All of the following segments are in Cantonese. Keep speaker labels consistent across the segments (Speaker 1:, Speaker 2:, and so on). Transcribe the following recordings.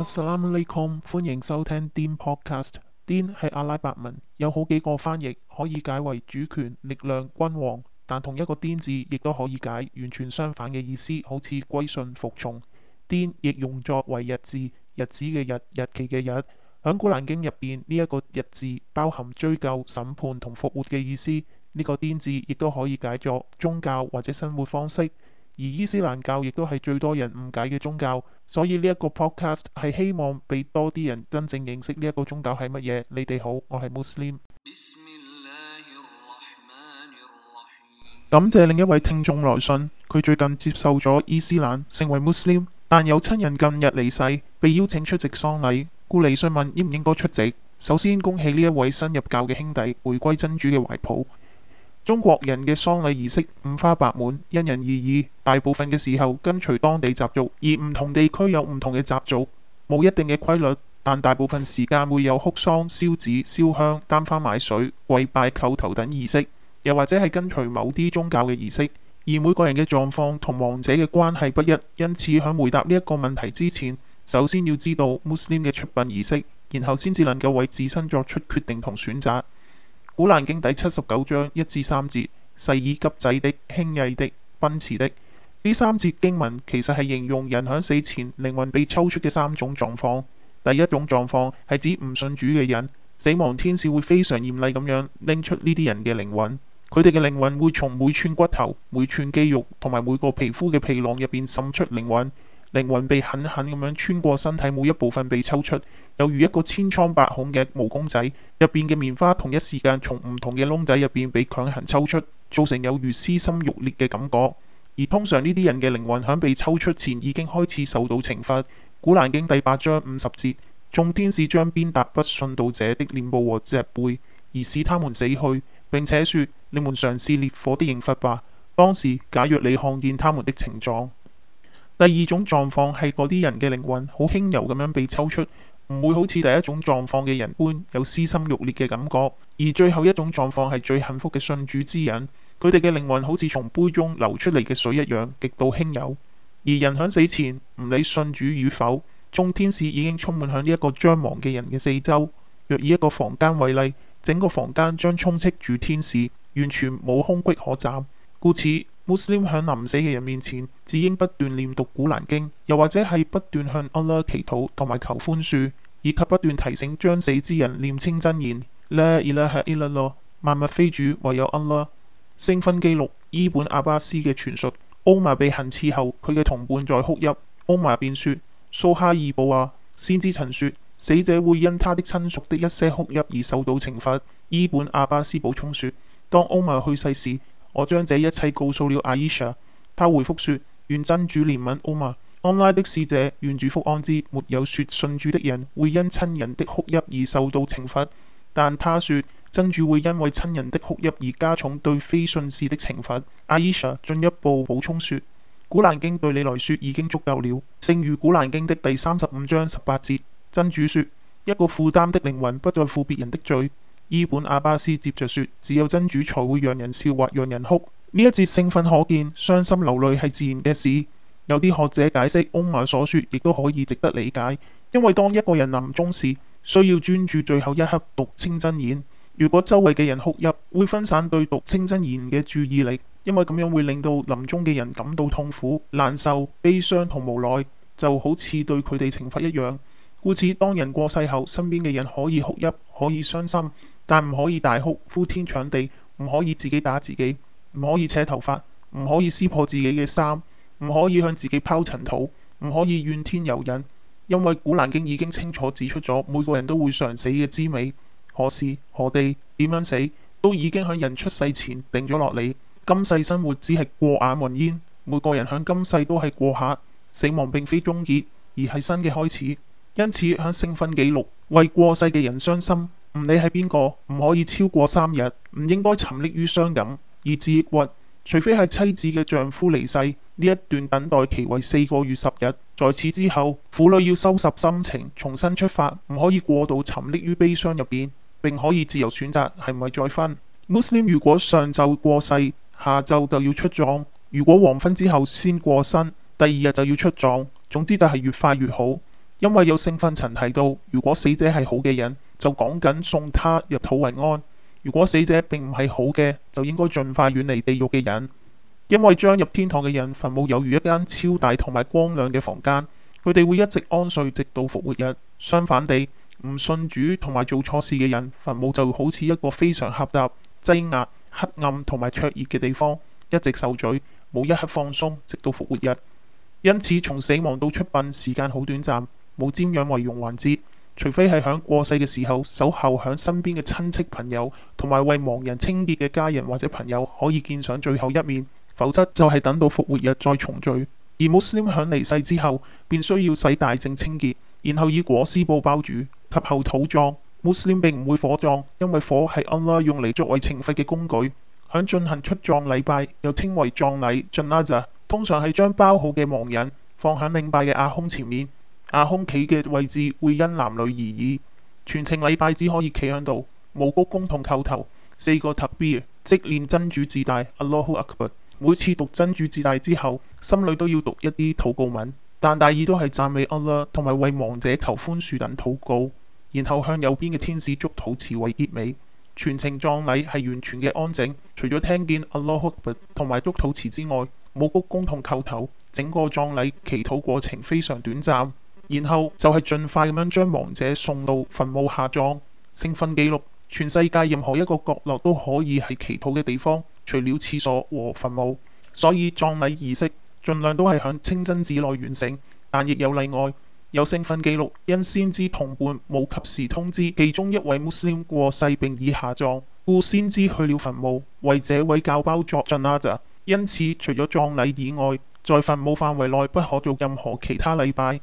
Speaker 1: Assalamualaikum，歡迎收聽 Dean Podcast。Dean 係阿拉伯文，有好幾個翻譯，可以解為主權、力量、君王，但同一個 Dean 字亦都可以解完全相反嘅意思，好似歸順、服從。Dean 亦用作為日字，日子嘅日、日期嘅日。喺古蘭經入邊，呢一、這個日字包含追究、審判同復活嘅意思。呢、這個 Dean 字亦都可以解作宗教或者生活方式。而伊斯蘭教亦都係最多人誤解嘅宗教，所以呢一個 podcast 係希望俾多啲人真正認識呢一個宗教係乜嘢。你哋好，我係 Muslim。感謝另一位聽眾來信，佢最近接受咗伊斯蘭，成為 Muslim，但有親人近日離世，被邀請出席喪禮，故嚟詢問應唔應該出席。首先恭喜呢一位新入教嘅兄弟回歸真主嘅懷抱。中國人嘅喪禮儀式五花八門，因人而異，大部分嘅時候跟隨當地習俗，而唔同地區有唔同嘅習俗，冇一定嘅規律。但大部分時間會有哭喪、燒紙、燒香、擔幡買水、跪拜叩頭等儀式，又或者係跟隨某啲宗教嘅儀式。而每個人嘅狀況同亡者嘅關係不一，因此喺回答呢一個問題之前，首先要知道 Muslim 嘅出殯儀式，然後先至能夠為自身作出決定同選擇。《古蘭經》第七十九章一至三節：誓以急掣的、輕易的、奔馳的。呢三節經文其實係形容人喺死前靈魂被抽出嘅三種狀況。第一種狀況係指唔信主嘅人，死亡天使會非常嚴厲咁樣拎出呢啲人嘅靈魂，佢哋嘅靈魂會從每串骨頭、每串肌肉同埋每個皮膚嘅皮囊入邊滲出靈魂。靈魂被狠狠咁樣穿過身體每一部分被抽出，有如一個千瘡百孔嘅毛公仔，入邊嘅棉花同一時間從唔同嘅窿仔入邊被強行抽出，造成有如撕心欲裂嘅感覺。而通常呢啲人嘅靈魂喺被抽出前已經開始受到懲罰。《古蘭經》第八章五十節：眾天使將鞭打不信道者的臉部和脊背，而使他們死去。並且說：你們嘗試烈火的刑罰吧。當時，假若你看見他們的情狀。第二種狀況係嗰啲人嘅靈魂好輕柔咁樣被抽出，唔會好似第一種狀況嘅人般有撕心欲裂嘅感覺。而最後一種狀況係最幸福嘅信主之人，佢哋嘅靈魂好似從杯中流出嚟嘅水一樣，極度輕柔。而人喺死前，唔理信主與否，眾天使已經充滿響呢一個將亡嘅人嘅四周。若以一個房間為例，整個房間將充斥住天使，完全冇空隙可站。故此。穆斯林喺臨死嘅人面前，只應不斷念讀古蘭經，又或者係不斷向安拉祈禱同埋求寬恕，以及不斷提醒將死之人念清真言。拉爾哈爾洛，萬物非主，唯有安拉。聖訓記錄，伊本阿巴斯嘅傳述，奧瑪被行刺後，佢嘅同伴在哭泣，奧瑪便說：蘇哈爾布啊，先知曾說，死者會因他的親屬的一些哭泣而受到懲罰。伊本阿巴斯補充說：當奧瑪去世時，我將這一切告訴了阿艾莎，她回覆說：願真主憐憫奧瑪安拉的使者，願主福安之。沒有説信主的人會因親人的哭泣而受到懲罰，但他說真主會因為親人的哭泣而加重對非信士的懲罰。艾莎進一步補充說：古蘭經對你來說已經足夠了，正如古蘭經的第三十五章十八節，真主說：一個負擔的靈魂不再負別人的罪。伊本阿巴斯接着說：只有真主才會讓人笑或讓人哭。呢一節聖訓可見，傷心流淚係自然嘅事。有啲學者解釋，歐馬、啊、所說亦都可以值得理解，因為當一個人臨終時，需要專注最後一刻讀清真言。如果周圍嘅人哭泣，會分散對讀清真言嘅注意力，因為咁樣會令到臨終嘅人感到痛苦、難受、悲傷同無奈，就好似對佢哋懲罰一樣。故此，當人過世後，身邊嘅人可以哭泣，可以傷心。但唔可以大哭，呼天搶地，唔可以自己打自己，唔可以扯頭髮，唔可以撕破自己嘅衫，唔可以向自己拋塵土，唔可以怨天尤人。因為《古蘭經》已經清楚指出咗每個人都會嘗死嘅滋味，何時、何地、點樣死，都已經喺人出世前定咗落嚟。今世生活只係過眼雲煙，每個人喺今世都係過客，死亡並非終結，而係新嘅開始。因此喺聖訓記錄，為過世嘅人傷心。唔理係邊個，唔可以超過三日，唔應該沉溺於傷感而自虐，除非係妻子嘅丈夫離世呢一段等待期為四個月十日，在此之後，婦女要收拾心情，重新出發，唔可以過度沉溺於悲傷入邊，並可以自由選擇係唔係再婚。Muslim 如果上晝過世，下晝就要出葬；如果黃昏之後先過身，第二日就要出葬。總之就係越快越好，因為有聖訓曾提到，如果死者係好嘅人。就講緊送他入土為安。如果死者並唔係好嘅，就應該盡快遠離地獄嘅人，因為將入天堂嘅人，墳墓有如一間超大同埋光亮嘅房間，佢哋會一直安睡直到復活日。相反地，唔信主同埋做錯事嘅人，墳墓就好似一個非常狹窄、擠壓、黑暗同埋灼熱嘅地方，一直受罪，冇一刻放鬆，直到復活日。因此，從死亡到出殯時間好短暫，冇瞻仰遺容環節。除非係喺過世嘅時候守候喺身邊嘅親戚朋友，同埋為亡人清潔嘅家人或者朋友可以見上最後一面，否則就係等到復活日再重聚。而穆斯林喺離世之後，便需要洗大淨清潔，然後以裹屍布包住及後土葬。穆斯林並唔會火葬，因為火係安拉用嚟作為懲罰嘅工具。喺進行出葬禮拜，又稱為葬禮，Jenazah，通常係將包好嘅亡人放喺領拜嘅阿訇前面。阿、啊、空企嘅位置會因男女而異，全程禮拜只可以企喺度，冇鞠躬同叩頭。四個 takbir，即念真主自大阿羅呼阿卡布。每次讀真主自大之後，心裏都要讀一啲禱告文，但大意都係讚美阿拉同埋為亡者求寬恕等禱告。然後向右邊嘅天使祝禱詞為結尾。全程葬禮係完全嘅安靜，除咗聽見阿羅呼阿卡布同埋祝禱詞之外，冇鞠躬同叩頭。整個葬禮祈禱過程非常短暫。然後就係、是、盡快咁樣將亡者送到墳墓下葬。聖訓記錄，全世界任何一個角落都可以係祈禱嘅地方，除了廁所和墳墓。所以葬禮儀式盡量都係響清真寺內完成，但亦有例外。有聖訓記錄，因先知同伴冇及時通知其中一位，穆斯林過世並已下葬，故先知去了墳墓為這位教包作盡啦。咋？因此除咗葬禮以外，在墳墓範圍內不可做任何其他禮拜。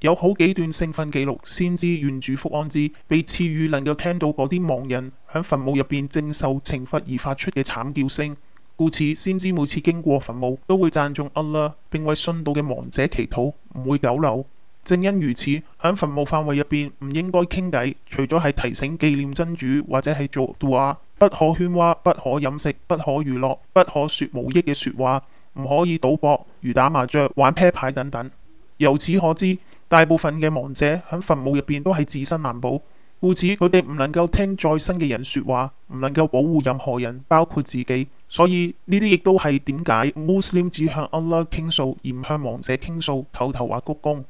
Speaker 1: 有好幾段聖訓記錄，先知願主福安之被賜予能夠聽到嗰啲亡人喺墳墓入邊正受懲罰而發出嘅慘叫聲，故此先知每次經過墳墓都會讚頌阿拉並為信道嘅亡者祈禱，唔會久留。正因如此，喺墳墓範圍入邊唔應該傾偈，除咗係提醒紀念真主或者係做杜阿，不可喧譁，不可飲食，不可娛樂，不可説無益嘅説話，唔可以賭博，如打麻雀、玩啤牌等等。由此可知，大部分嘅亡者喺墳墓入邊都係自身難保，故此佢哋唔能夠聽在生嘅人說話，唔能夠保護任何人，包括自己。所以呢啲亦都係點解穆斯林只向安拉傾訴，而唔向亡者傾訴，叩頭或鞠躬。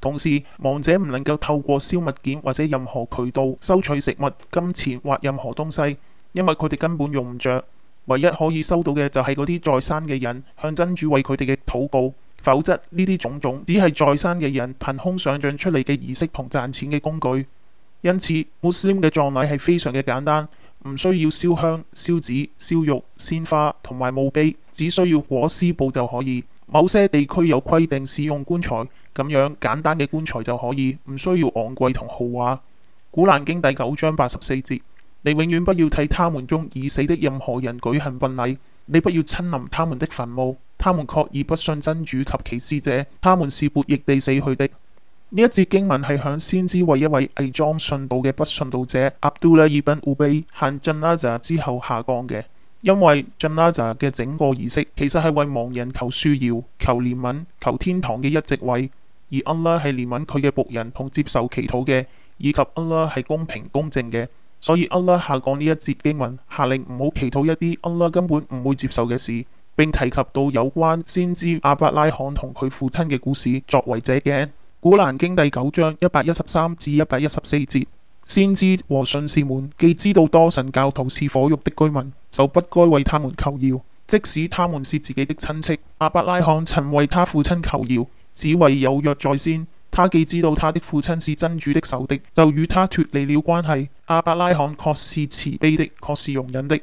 Speaker 1: 同時，亡者唔能夠透過燒物件或者任何渠道收取食物、金錢或任何東西，因為佢哋根本用唔着，唯一可以收到嘅就係嗰啲在生嘅人向真主為佢哋嘅禱告。否則呢啲種種只係在生嘅人憑空想像出嚟嘅儀式同賺錢嘅工具。因此穆斯林嘅葬禮係非常嘅簡單，唔需要燒香、燒紙、燒肉、鮮花同埋墓碑，只需要裹屍布就可以。某些地區有規定使用棺材，咁樣簡單嘅棺材就可以，唔需要昂貴同豪華。古蘭經第九章八十四節：你永遠不要替他們中已死的任何人舉行殯禮，你不要親臨他們的墳墓。他們確已不信真主及其使者，他們是悖逆地死去的。呢一節經文係向先知為一位偽裝信道嘅不信道者 Abdullah Ibn Ubayy 嘅 janaza 之後下降嘅，因為 janaza 嘅整個儀式其實係為亡人求恕饒、求憐憫、求天堂嘅一席位，而 Allah 係憐憫佢嘅僕人同接受祈禱嘅，以及 Allah 係公平公正嘅，所以 Allah 下降呢一節經文，下令唔好祈禱一啲 Allah 根本唔會接受嘅事。並提及到有關先知阿伯拉罕同佢父親嘅故事，作為借鏡。古蘭經第九章一百一十三至一百一十四節，先知和信士們既知道多神教徒是火獄的居民，就不該為他們求饒，即使他們是自己的親戚。阿伯拉罕曾為他父親求饒，只為有約在先。他既知道他的父親是真主的仇敵，就與他脫離了關係。阿伯拉罕確是慈悲的，確是容忍的。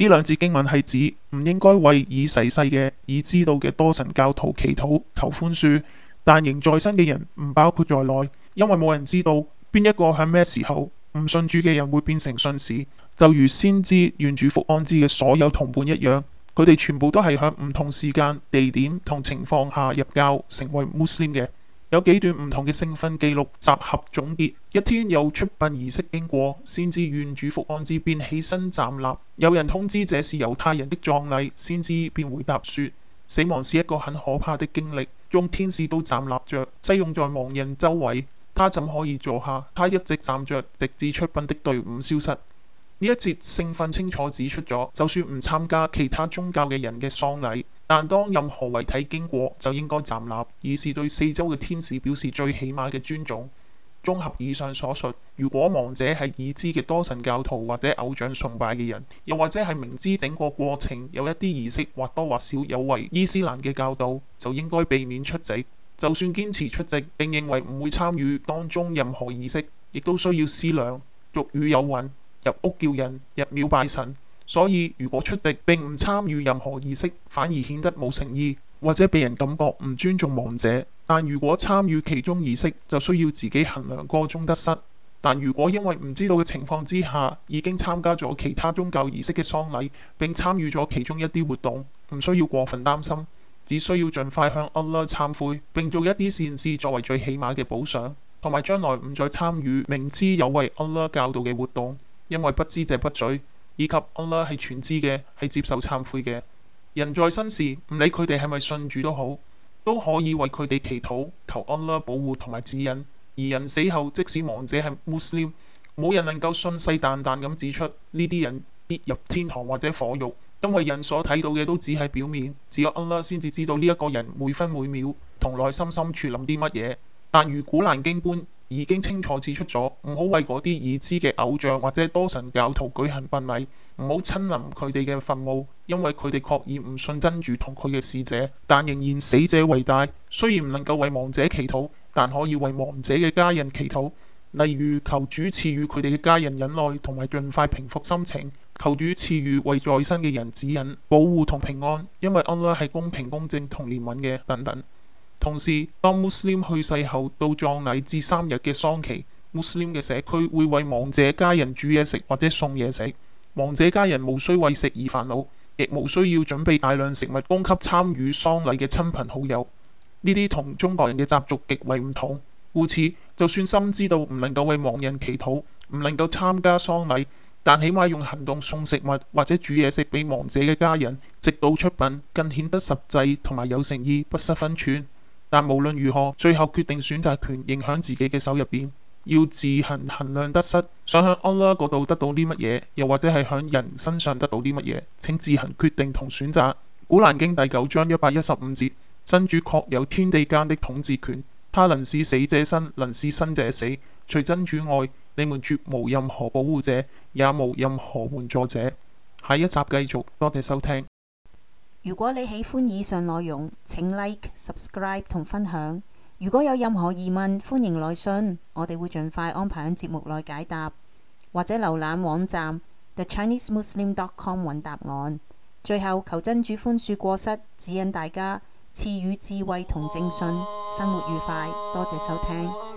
Speaker 1: 呢兩字經文係指唔應該為已逝世嘅已知道嘅多神教徒祈禱求寬恕，但仍在生嘅人唔包括在內，因為冇人知道邊一個喺咩時候唔信主嘅人會變成信士，就如先知願主福安之嘅所有同伴一樣，佢哋全部都係喺唔同時間、地點同情況下入教成為穆斯林嘅。有幾段唔同嘅聖訓記錄集合總結，一天有出殯儀式經過，先知願主福安之便起身站立。有人通知這是猶太人的葬禮，先知便回答說：死亡是一個很可怕的經歷，眾天使都站立着，擠擁在亡人周圍，他怎可以坐下？他一直站着，直至出殯的隊伍消失。呢一節聖訓清楚指出咗，就算唔參加其他宗教嘅人嘅喪禮。但當任何遺體經過，就應該站立，以示對四周嘅天使表示最起碼嘅尊重。綜合以上所述，如果亡者係已知嘅多神教徒或者偶像崇拜嘅人，又或者係明知整個過程有一啲儀式或多或少有違伊斯蘭嘅教導，就應該避免出席。就算堅持出席，並認為唔會參與當中任何儀式，亦都需要思量。俗語有云：入屋叫人，入廟拜神。所以，如果出席並唔參與任何儀式，反而顯得冇誠意，或者被人感覺唔尊重亡者。但如果參與其中儀式，就需要自己衡量個中得失。但如果因為唔知道嘅情況之下，已經參加咗其他宗教儀式嘅喪禮，並參與咗其中一啲活動，唔需要過分擔心，只需要盡快向阿拉懺悔並做一啲善事作為最起碼嘅補償，同埋將來唔再參與明知有違阿拉教導嘅活動，因為不知者不罪。以及安拉係全知嘅，係接受懺悔嘅。人在生時，唔理佢哋係咪信主都好，都可以為佢哋祈禱，求安拉保護同埋指引。而人死後，即使亡者係穆斯林，冇人能夠信誓旦旦咁指出呢啲人必入天堂或者火獄，因為人所睇到嘅都只係表面，只有安拉先至知道呢一個人每分每秒同內心深處諗啲乜嘢。但如古蘭經般已經清楚指出咗，唔好為嗰啲已知嘅偶像或者多神教徒舉行殯禮，唔好親臨佢哋嘅墳墓，因為佢哋確已唔信真主同佢嘅使者，但仍然死者為大。雖然唔能夠為亡者祈禱，但可以為亡者嘅家人祈禱，例如求主賜予佢哋嘅家人忍耐同埋盡快平復心情，求主賜予為在生嘅人指引、保護同平安，因為安拉係公平公正同憐憫嘅等等。同時，當穆斯林去世後，到葬禮至三日嘅喪期，穆斯林嘅社區會為亡者家人煮嘢食或者送嘢食。亡者家人無需為食而煩惱，亦無需要準備大量食物供給參與喪禮嘅親朋好友。呢啲同中國人嘅習俗極為唔同。故此，就算深知道唔能夠為亡人祈禱，唔能夠參加喪禮，但起碼用行動送食物或者煮嘢食俾亡者嘅家人，直到出殯，更顯得實際同埋有誠意，不失分寸。但無論如何，最後決定選擇權影響自己嘅手入邊，要自行衡量得失，想喺安拉嗰度得到啲乜嘢，又或者係喺人身上得到啲乜嘢？請自行決定同選擇。古蘭經第九章一百一十五節：真主確有天地間的統治權，他能使死者生，能使生者死。除真主外，你們絕無任何保護者，也無任何援助者。下一集繼續，多謝收聽。如果你喜歡以上內容，請 Like、Subscribe 同分享。如果有任何疑問，歡迎來信，我哋會盡快安排喺節目內解答，或者瀏覽網站 TheChineseMuslim.com 揾答案。最後，求真主寬恕過失，指引大家賜予智慧同正信，生活愉快。多謝收聽。